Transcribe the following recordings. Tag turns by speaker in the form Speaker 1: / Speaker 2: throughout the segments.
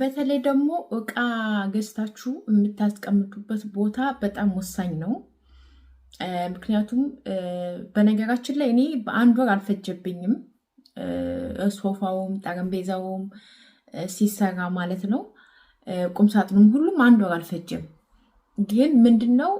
Speaker 1: በተለይ ደግሞ እቃ ገዝታችሁ የምታስቀምጡበት ቦታ በጣም ወሳኝ ነው። ምክንያቱም በነገራችን ላይ እኔ በአንድ ወር አልፈጀብኝም፣ ሶፋውም ጠረጴዛውም ሲሰራ ማለት ነው፣ ቁምሳጥኑም ሁሉም አንድ ወር አልፈጀም። ግን ምንድነው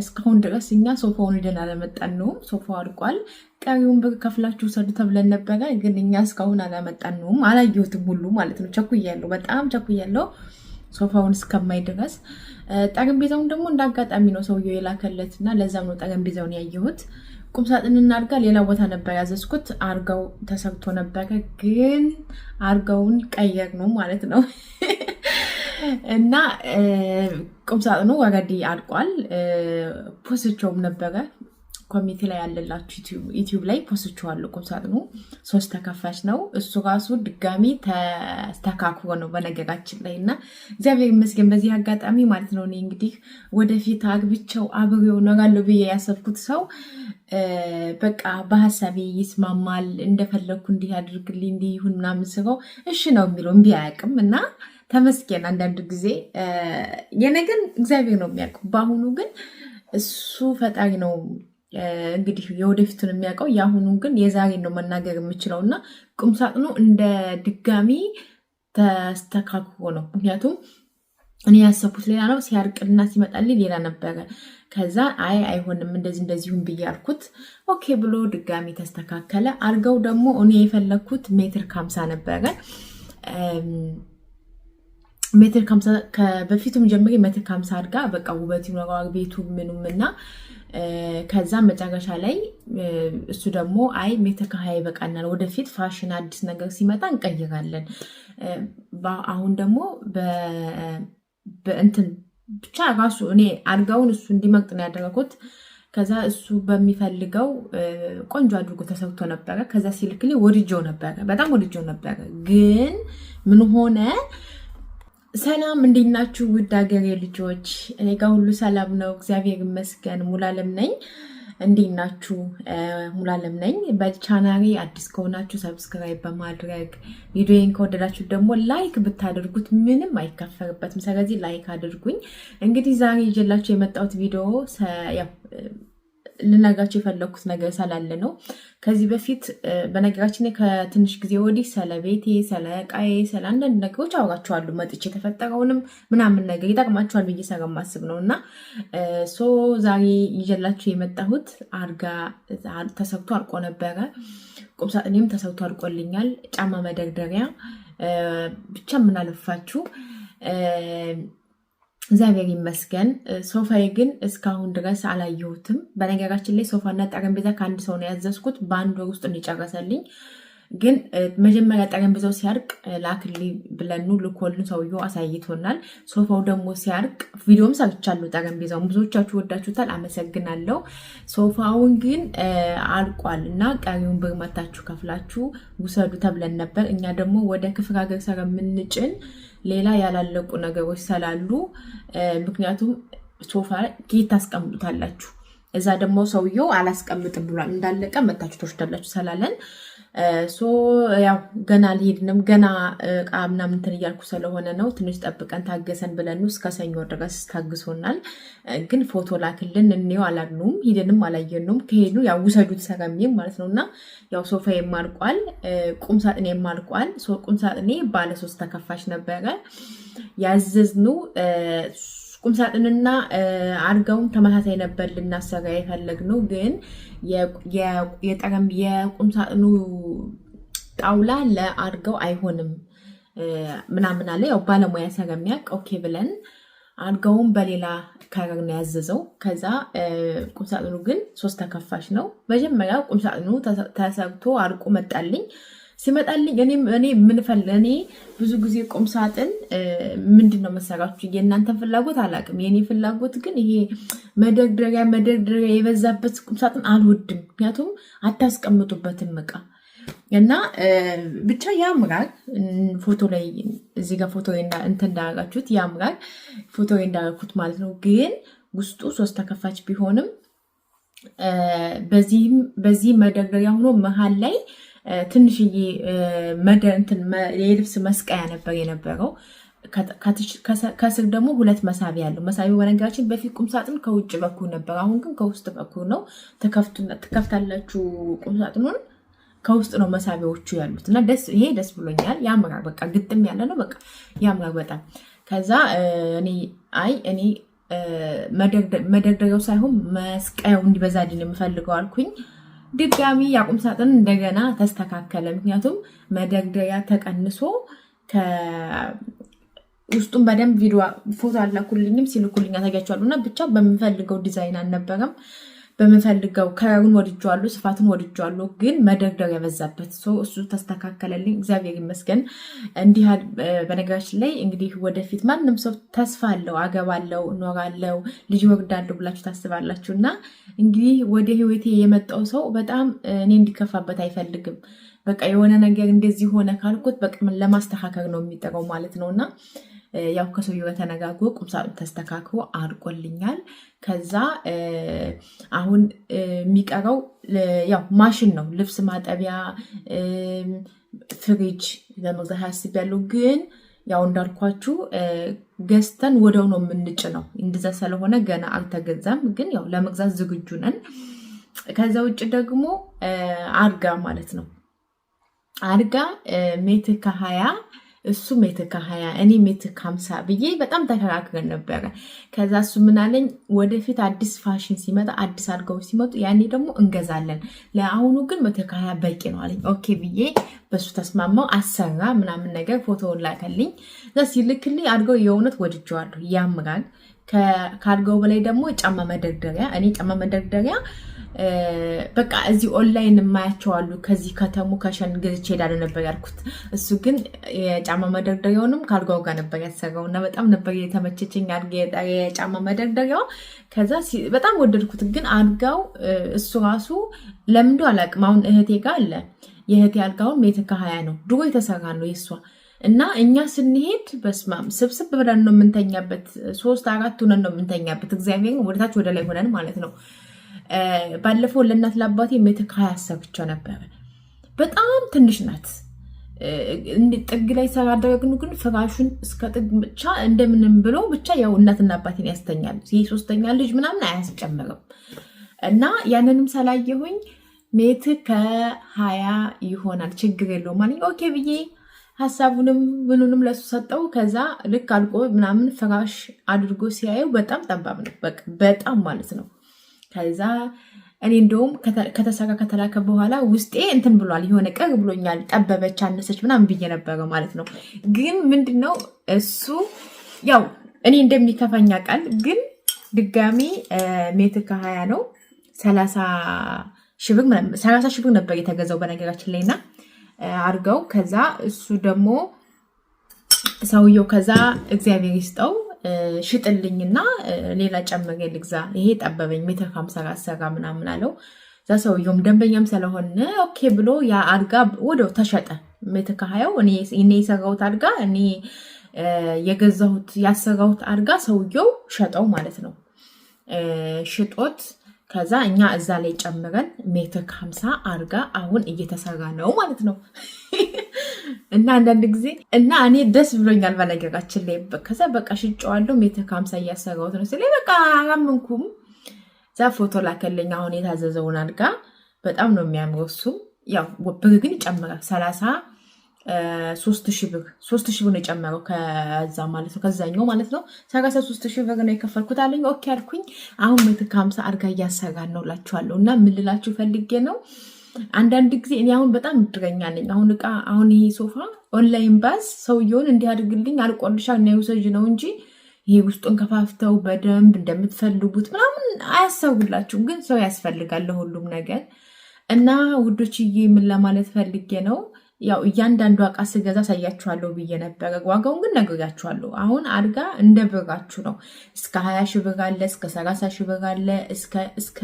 Speaker 1: እስካሁን ድረስ እኛ ሶፋውን ይደን አላመጣነውም። ሶፋው አድቋል። ቀሪውን ብር ከፍላችሁ ሰዱ ተብለን ነበረ፣ ግን እኛ እስካሁን አላመጣነውም። አላየሁትም ሁሉ ማለት ነው። ቸኩያለሁ፣ በጣም ቸኩያለሁ ሶፋውን እስከማይ ድረስ። ጠረጴዛውን ደግሞ እንዳጋጣሚ አጋጣሚ ነው ሰውየው የላከለት እና ለዛም ነው ጠረጴዛውን ያየሁት። ቁምሳጥን አልጋ ሌላ ቦታ ነበር ያዘዝኩት። አልጋው ተሰብቶ ነበረ፣ ግን አርገውን ቀየር ነው ማለት ነው እና ቁምሳጥኑ ወገዴ አድቋል ፖስቸውም ነበረ ኮሚቴ ላይ ያለላችሁ ዩቲዩብ ላይ ፖስቸዋለሁ። ቁምሳጥኑ ሶስት ተከፋች ነው። እሱ ራሱ ድጋሚ ተስተካክሮ ነው በነገራችን ላይ እና እግዚአብሔር ይመስገን በዚህ አጋጣሚ ማለት ነው። እኔ እንግዲህ ወደፊት አግብቸው አብሬው እኖራለሁ ብዬ ያሰብኩት ሰው በቃ በሀሳቤ ይስማማል። እንደፈለግኩ እንዲህ አድርግልኝ እንዲህ ይሁን ምናምን ስለው እሺ ነው የሚለው እምቢ አያውቅም እና ተመስገን። አንዳንድ ጊዜ የነገን እግዚአብሔር ነው የሚያውቀው። በአሁኑ ግን እሱ ፈጣሪ ነው እንግዲህ የወደፊቱን የሚያውቀው። የአሁኑ ግን የዛሬን ነው መናገር የምችለው እና ቁምሳጥኑ እንደ ድጋሚ ተስተካክሮ ነው። ምክንያቱም እኔ ያሰብኩት ሌላ ነው፣ ሲያርቅና ሲመጣልኝ ሌላ ነበረ። ከዛ አይ አይሆንም እንደዚህ እንደዚሁም ብዬ አልኩት። ኦኬ ብሎ ድጋሚ ተስተካከለ። አርገው ደግሞ እኔ የፈለግኩት ሜትር ከሀምሳ ነበረ ሜትር በፊቱም ጀምሬ ሜትር ከሀምሳ አድጋ በቃ ውበት ይኖረዋል ቤቱ ምኑም እና ከዛ መጨረሻ ላይ እሱ ደግሞ አይ ሜትር ከሀያ ይበቃናል፣ ወደፊት ፋሽን አዲስ ነገር ሲመጣ እንቀይራለን። አሁን ደግሞ በእንትን ብቻ ራሱ እኔ አድጋውን እሱ እንዲመርጥ ነው ያደረጉት። ከዛ እሱ በሚፈልገው ቆንጆ አድርጎ ተሰርቶ ነበረ። ከዛ ሲልክልኝ ወድጄው ነበረ፣ በጣም ወድጄው ነበረ። ግን ምን ሆነ ሰላም እንዴት ናችሁ? ውድ ሀገሬ ልጆች፣ እኔ ጋር ሁሉ ሰላም ነው፣ እግዚአብሔር ይመስገን። ሙሉዓለም ነኝ። እንዴት ናችሁ? ሙሉዓለም ነኝ። በቻናሪ አዲስ ከሆናችሁ ሰብስክራይብ በማድረግ ቪዲዮን ከወደዳችሁ ደግሞ ላይክ ብታደርጉት ምንም አይከፈርበትም። ስለዚህ ላይክ አድርጉኝ። እንግዲህ ዛሬ ይዤላችሁ የመጣሁት ቪዲዮ ልነጋቸው የፈለግኩት ነገር ስላለ ነው። ከዚህ በፊት በነገራችን ከትንሽ ጊዜ ወዲህ ስለ ቤቴ፣ ስለ ዕቃዬ፣ ስለ አንዳንድ ነገሮች አውራችኋለሁ። መጥቼ የተፈጠረውንም ምናምን ነገር ይጠቅማችኋል ብዬ ማስብ ነው እና ሶ ዛሬ ይዤላችሁ የመጣሁት አርጋ ተሰርቶ አልቆ ነበረ። ቁምሳጥኔም ተሰርቶ አልቆልኛል። ጫማ መደርደሪያ ብቻ ምን እግዚአብሔር ይመስገን። ሶፋዬ ግን እስካሁን ድረስ አላየሁትም። በነገራችን ላይ ሶፋና ጠረጴዛ ከአንድ ሰው ነው ያዘዝኩት። በአንድ ወር ውስጥ እንጨረሰልኝ ግን መጀመሪያ ጠረጴዛው ሲያርቅ ላክሊ ብለኑ ልኮልን ሰውየው አሳይቶናል። ሶፋው ደግሞ ሲያርቅ ቪዲዮም ሰርቻለሁ። ጠረጴዛውን ብዙዎቻችሁ ወዳችሁታል፣ አመሰግናለሁ። ሶፋውን ግን አልቋል እና ቀሪውን ብር መታችሁ ከፍላችሁ ውሰዱ ተብለን ነበር። እኛ ደግሞ ወደ ክፍለ ሀገር ሰረ የምንጭን ሌላ ያላለቁ ነገሮች ስላሉ ምክንያቱም ሶፋ ጌት ታስቀምጡታላችሁ። እዛ ደግሞ ሰውየው አላስቀምጥም ብሏል እንዳለቀ መታችሁ ተወስዳላችሁ ስላለን ሶ ያው ገና አልሄድንም ገና እቃ ምናምን እንትን እያልኩ ስለሆነ ነው። ትንሽ ጠብቀን ታገሰን ብለን እስከ ሰኞ ድረስ ታግሶናል። ግን ፎቶ ላክልን እኔው አላልኑም። ሂደንም አላየንም። ከሄዱ ያው ውሰዱት ሰገሜ ማለት ነው እና ያው ሶፋ የማልቋል፣ ቁም ሳጥኔ የማልቋል። ቁም ሳጥኔ ባለሶስት ተከፋሽ ነበረ ያዘዝኑ ቁምሳጥንና አልጋውም ተመሳሳይ ነበር ልናሰራ የፈለግነው፣ ግን የቁምሳጥኑ ጣውላ ለአድርገው አይሆንም ምናምን አለ። ያው ባለሙያ ስለሚያውቅ ኦኬ ብለን አልጋውን በሌላ ከረር ነው ያዘዘው። ከዛ ቁምሳጥኑ ግን ሶስት ተከፋሽ ነው። መጀመሪያ ቁምሳጥኑ ተሰርቶ አልቆ መጣልኝ። ሲመጣልኝ እኔም እኔ ምንፈል እኔ ብዙ ጊዜ ቁም ሳጥን ምንድን ነው መሰራችሁ፣ የእናንተን ፍላጎት አላውቅም። የእኔ ፍላጎት ግን ይሄ መደርደሪያ መደርደሪያ የበዛበት ቁም ሳጥን አልወድም። ምክንያቱም አታስቀምጡበትም እቃ እና ብቻ ያምራል። ፎቶ ላይ እዚህ ጋር ፎቶ እንትን እንዳረጋችሁት ያምራል። ፎቶ እንዳረኩት ማለት ነው። ግን ውስጡ ሶስት ተከፋች ቢሆንም በዚህ መደርደሪያ ሆኖ መሀል ላይ ትንሽዬ የልብስ መስቀያ ነበር የነበረው። ከስር ደግሞ ሁለት መሳቢያ አለው። መሳቢያው በነገራችን በፊት ቁምሳጥን ከውጭ በኩል ነበር፣ አሁን ግን ከውስጥ በኩል ነው። ትከፍታላችሁ ቁምሳጥኑን ከውስጥ ነው መሳቢያዎቹ ያሉት እና ደስ ይሄ ደስ ብሎኛል። ያምራል። በቃ ግጥም ያለ ነው። በቃ ያምራል በጣም ከዛ እኔ አይ እኔ መደርደሪያው ሳይሆን መስቀያው እንዲበዛልኝ የምፈልገው አልኩኝ። ድጋሚ የአቁም ሳጥን እንደገና ተስተካከለ። ምክንያቱም መደርደሪያ ተቀንሶ ውስጡም በደንብ ቪዲዮ ፎቶ አላኩልኝም ሲልኩልኝ አሳያቸዋለሁ እና ብቻ በምፈልገው ዲዛይን አልነበረም። በምፈልገው ከረሩን ወድጄዋለሁ፣ ስፋትን ወድጄዋለሁ፣ ግን መደርደር የበዛበት ሰው እሱ ተስተካከለልኝ። እግዚአብሔር ይመስገን። እንዲህ በነገራችን ላይ እንግዲህ ወደፊት ማንም ሰው ተስፋ አለው፣ አገባለው፣ እኖራለው፣ ልጅ ወርዳለሁ ብላችሁ ታስባላችሁ እና እንግዲህ ወደ ህይወቴ የመጣው ሰው በጣም እኔ እንዲከፋበት አይፈልግም። በቃ የሆነ ነገር እንደዚህ ሆነ ካልኩት በቃ ለማስተካከል ነው የሚጠራው ማለት ነው እና ያው ከሰውዬው ጋር ቁምሳጥን ቁምሳጥኑ ተስተካክሮ አርቆልኛል። ከዛ አሁን የሚቀረው ያው ማሽን ነው። ልብስ ማጠቢያ፣ ፍሪጅ ለመግዛት አስቤያለሁ ግን ያው እንዳልኳችሁ ገዝተን ወደው ነው የምንጭ ነው እንድዛ ስለሆነ ገና አልተገዛም፣ ግን ያው ለመግዛት ዝግጁ ነን። ከዛ ውጭ ደግሞ አልጋ ማለት ነው አልጋ ሜትር ከሀያ እሱ ሜትር ከሀያ እኔ ሜትር ከሀምሳ ብዬ በጣም ተከራክረን ነበረ። ከዛ እሱ ምናለኝ ወደፊት አዲስ ፋሽን ሲመጣ አዲስ አድገው ሲመጡ ያኔ ደግሞ እንገዛለን፣ ለአሁኑ ግን ሜትር ከሀያ በቂ ነው አለኝ። ኦኬ ብዬ በሱ ተስማማው። አሰራ ምናምን ነገር ፎቶውን ላከልኝ። ዛ ሲልክልኝ አድገው የእውነት ወድጀዋለሁ፣ ያምራል። ከአድገው በላይ ደግሞ ጫማ መደርደሪያ እኔ ጫማ መደርደሪያ በቃ እዚህ ኦንላይን የማያቸዋሉ ከዚህ ከተሙ ከሸን ገዝቼ እሄዳለሁ ነበር ያልኩት። እሱ ግን የጫማ መደርደሪያውንም ከአልጋው ጋር ነበር ያሰራው እና በጣም ነበር የተመቸችኝ የጫማ መደርደሪያው። ከዛ በጣም ወደድኩት። ግን አልጋው እሱ ራሱ ለምንዶ አላውቅም። አሁን እህቴ ጋር አለ። የእህቴ አልጋውን ሜትር ከሀያ ነው ድሮ የተሰራ ነው የእሷ እና እኛ ስንሄድ በስማም ስብስብ ብለን ነው የምንተኛበት። ሶስት አራት ሁነን ነው የምንተኛበት። እግዚአብሔር ወደታች ወደ ላይ ሆነን ማለት ነው ባለፈው ለእናት ለአባቴ ሜትር ከሀያ አሳክቸው ነበረ። በጣም ትንሽ ናት። ጥግ ላይ ሳላደረግን ግን ፍራሹን እስከ ጥግ ብቻ እንደምንም ብሎ ብቻ ያው እናትና አባቴን ያስተኛሉ። ይህ ሶስተኛ ልጅ ምናምን አያስጨምርም እና ያንንም ሰላየሁኝ ሜት ከሀያ ይሆናል ችግር የለውም አለኝ። ኦኬ ብዬ ሀሳቡንም ምኑንም ለሱ ሰጠው። ከዛ ልክ አልቆ ምናምን ፍራሽ አድርጎ ሲያየው በጣም ጠባብ ነው፣ በጣም ማለት ነው ከዛ እኔ እንደውም ከተሰራ ከተላከ በኋላ ውስጤ እንትን ብሏል፣ የሆነ ቀግ ብሎኛል፣ ጠበበች፣ አነሰች ምናምን ብዬ ነበረ ማለት ነው። ግን ምንድነው እሱ ያው እኔ እንደሚከፋኛ ቃል ግን ድጋሚ ሜትር ከሀያ ነው ሰላሳ ሺህ ነበር የተገዛው በነገራችን ላይ እና አድርገው ከዛ እሱ ደግሞ ሰውየው ከዛ እግዚአብሔር ይስጠው ሽጥልኝና ሌላ ጨምሬ ልግዛ፣ ይሄ ጠበበኝ፣ ሜትር ከሀምሳ ሰጋ ምናምን አለው። እዛ ሰውየውም ደንበኛም ስለሆነ ኦኬ ብሎ ያ አድጋ ወደው ተሸጠ። ሜትር ከሀያው እኔ የሰራሁት አድጋ እኔ የገዛሁት ያሰራሁት አድጋ ሰውየው ሸጠው ማለት ነው። ሽጦት ከዛ እኛ እዛ ላይ ጨምረን ሜትር ከሀምሳ አርጋ አሁን እየተሰራ ነው ማለት ነው። እና አንዳንድ ጊዜ እና እኔ ደስ ብሎኛል በነገራችን ላይ ከዛ በቃ ሽጬዋለሁ ሜትር ከሀምሳ እያሰራሁት ነው ስለ በቃ አላመንኩም። ዛ ፎቶ ላከልኝ አሁን የታዘዘውን አልጋ በጣም ነው የሚያምረው። እሱም ያው ብር ግን ይጨምራል ሰላሳ ሶስት ሺ ብር ሶስት ሺህ ብር ነው የጨመረው ከዛ ማለት ነው ከዛኛው ማለት ነው ሰላሳ ሶስት ሺ ብር ነው የከፈልኩት አለኝ። ኦኬ አልኩኝ። አሁን ምት ከሀምሳ አድርጋ እያሰራን ነው ላችኋለሁ። እና ምን ፈልጌ ነው አንዳንድ ጊዜ እኔ አሁን በጣም እድረኛ ነኝ። አሁን እቃ አሁን ይሄ ሶፋ ኦንላይን ባዝ ሰውየውን እንዲህ አድርግልኝ አልቆልሻ እና ውሰጅ ነው እንጂ ይሄ ውስጡን ከፋፍተው በደንብ እንደምትፈልጉት ምናምን አያሰሩላችሁም። ግን ሰው ያስፈልጋል ለሁሉም ነገር እና ውዶችዬ ምን ለማለት ፈልጌ ነው ያው እያንዳንዱ እቃ ስገዛ አሳያችኋለሁ ብዬ ነበረ። ዋጋውን ግን ነግሬያችኋለሁ። አሁን አድጋ እንደ ብራችሁ ነው። እስከ ሀያ ሺህ ብር አለ፣ እስከ ሰላሳ ሺህ ብር አለ፣ እስከ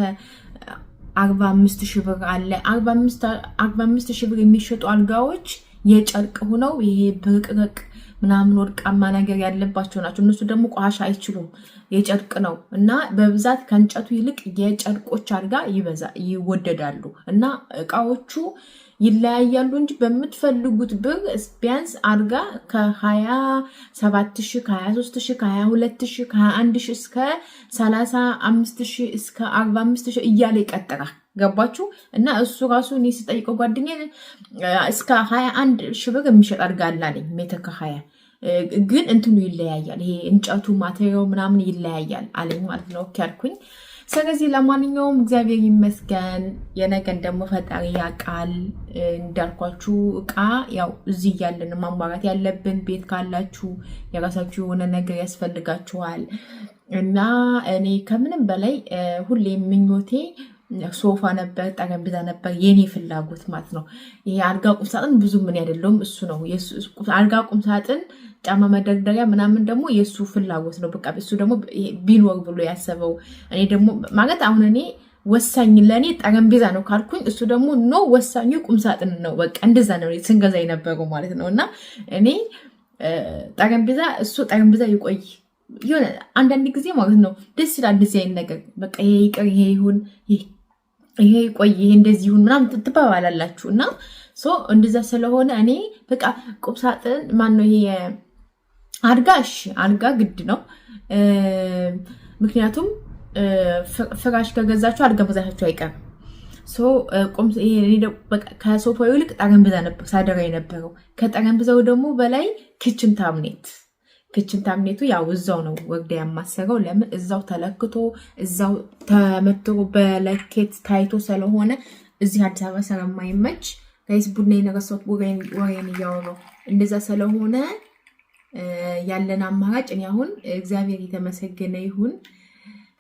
Speaker 1: አርባ አምስት ሺህ ብር አለ። አርባ አምስት ሺህ ብር የሚሸጡ አልጋዎች የጨርቅ ሆነው ይሄ ብርቅርቅ ምናምን ወርቃማ ነገር ያለባቸው ናቸው። እነሱ ደግሞ ቆሻሻ አይችሉም፣ የጨርቅ ነው እና በብዛት ከእንጨቱ ይልቅ የጨርቆች አልጋ ይወደዳሉ እና እቃዎቹ ይለያያሉ እንጂ በምትፈልጉት ብር ቢያንስ አድርጋ ከ27 ከ23 ከ22 ከ21 እስከ 35 ሺ እስከ 45 እያለ ይቀጥራል። ገባችሁ? እና እሱ ራሱ እኔ ስጠይቀው ጓደኛ እስከ 21 ሺ ብር የሚሸጥ አድርጋ አላለኝ ሜትር ከ20 ግን እንትኑ ይለያያል። ይሄ እንጨቱ ማቴሪያው ምናምን ይለያያል አለኝ ማለት ነው። ኦኬ አልኩኝ። ስለዚህ ለማንኛውም እግዚአብሔር ይመስገን። የነገን ደግሞ ፈጣሪ ያውቃል። እንዳልኳችሁ እቃ ያው እዚህ እያለን ማሟራት ያለብን ቤት ካላችሁ የራሳችሁ የሆነ ነገር ያስፈልጋችኋል እና እኔ ከምንም በላይ ሁሌ ምኞቴ ሶፋ ነበር፣ ጠረጴዛ ነበር፣ የኔ ፍላጎት ማለት ነው። ይሄ አልጋ ቁምሳጥን ብዙ ምን አይደለውም፣ እሱ ነው አልጋ ቁምሳጥን፣ ጫማ መደርደሪያ ምናምን ደግሞ የእሱ ፍላጎት ነው። በቃ እሱ ደግሞ ቢኖር ብሎ ያሰበው እኔ ደግሞ ማለት አሁን እኔ ወሳኝ ለእኔ ጠረጴዛ ነው ካልኩኝ እሱ ደግሞ ኖ ወሳኙ ቁምሳጥን ነው። በቃ እንደዛ ነው ስንገዛ የነበረው ማለት ነው። እና እኔ ጠረጴዛ እሱ ጠረጴዛ ይቆይ የሆነ አንዳንድ ጊዜ ማለት ነው ደስ ይላል። እንደዚህ አይነት ነገር በቃ ይሄ ይቅር ይሄ ይሁን ይሄ ቆይ ይሄ እንደዚህ ይሁን ምናምን ትባባላላችሁ እና እንደዛ ስለሆነ እኔ በቃ ቁምሳጥን ማነው ይሄ አልጋ፣ እሺ ግድ ነው። ምክንያቱም ፍራሽ ከገዛችሁ አድጋ መግዛታችሁ አይቀርም። ከሶፋው ይልቅ ጠረጴዛ ነበር ሳደራ የነበረው። ከጠረጴዛው ደግሞ በላይ ክችን ታምኔት ክችን ታምኔቱ ያው እዛው ነው ወግደ ያማሰገው። ለምን እዛው ተለክቶ እዛው ተመትሮ በለኬት ታይቶ ስለሆነ እዚህ አዲስ አበባ ስለማይመች ጋይስ ቡና የነገሰት ወሬን እያወራው እንደዛ ስለሆነ ያለን አማራጭ እኔ አሁን እግዚአብሔር የተመሰገነ ይሁን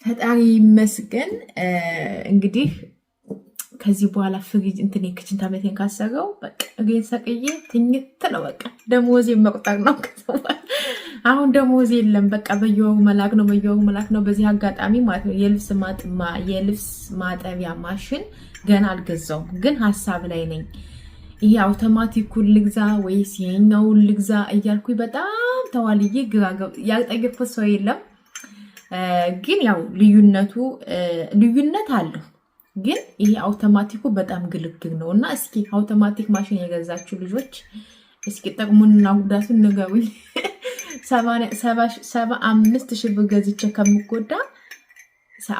Speaker 1: ፈጣሪ ይመስገን እንግዲህ ከዚህ በኋላ ፍሪጅ እንትን የክችን ታብሌቴን ካሰረው በቃ እግሬን ሰቅዬ ትኝት ነው። በቃ ደሞዜ መቁጠር ነው። አሁን ደሞዝ የለም። በቃ በየወሩ መላክ ነው፣ በየወሩ መላክ ነው። በዚህ አጋጣሚ ማለት ነው የልብስ ማጥማ የልብስ ማጠቢያ ማሽን ገና አልገዛውም፣ ግን ሀሳብ ላይ ነኝ። ይሄ አውቶማቲኩን ልግዛ ወይስ የኛውን ልግዛ እያልኩ በጣም ተዋልዬ ግራ ያልጠየቅኩት ሰው የለም። ግን ያው ልዩነቱ ልዩነት አለው ግን ይሄ አውቶማቲኩ በጣም ግልግል ነው እና እስኪ አውቶማቲክ ማሽን የገዛችሁ ልጆች እስኪ ጠቅሙንና ጉዳቱን ንገሩኝ። ሰባ አምስት ሺህ ብር ገዝቼ ከምጎዳ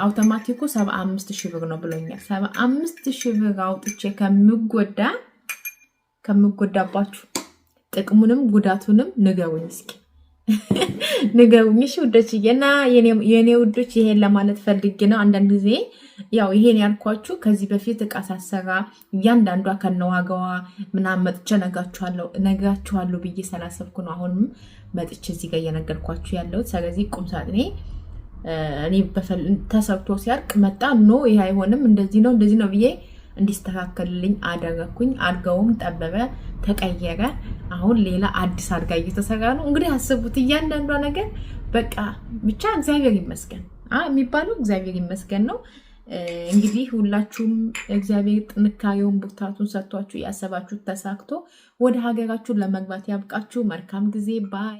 Speaker 1: አውቶማቲኩ ሰባ አምስት ሺህ ብር ነው ብሎኛል። ሰባ አምስት ሺህ ብር አውጥቼ ከምጎዳ ከምጎዳባችሁ ጥቅሙንም ጉዳቱንም ንገሩኝ እስኪ። ንገቡኝሽ ውዶችዬ እና የእኔ ውዶች ይሄን ለማለት ፈልግ ነው። አንዳንድ ጊዜ ያው ይሄን ያልኳችሁ ከዚህ በፊት እቃ ሳሰራ እያንዳንዷ ከነዋጋዋ ምናምን መጥቼ ነጋችኋለሁ ብዬ ስላሰብኩ ነው አሁንም መጥቼ እዚህ ጋር እየነገርኳችሁ ያለሁት። ስለዚህ ቁም ሳጥኔ እኔ ተሰርቶ ሲያርቅ መጣ ኖ ይሄ አይሆንም እንደዚህ ነው እንደዚህ ነው ብዬ እንዲስተካከልልኝ አደረግኩኝ። አድጋውም ጠበበ፣ ተቀየረ። አሁን ሌላ አዲስ አድጋ እየተሰራ ነው። እንግዲህ አስቡት፣ እያንዳንዷ ነገር በቃ ብቻ እግዚአብሔር ይመስገን የሚባለው እግዚአብሔር ይመስገን ነው። እንግዲህ ሁላችሁም እግዚአብሔር ጥንካሬውን ብርታቱን ሰጥቷችሁ ያሰባችሁ ተሳክቶ ወደ ሀገራችሁ ለመግባት ያብቃችሁ። መልካም ጊዜ ባይ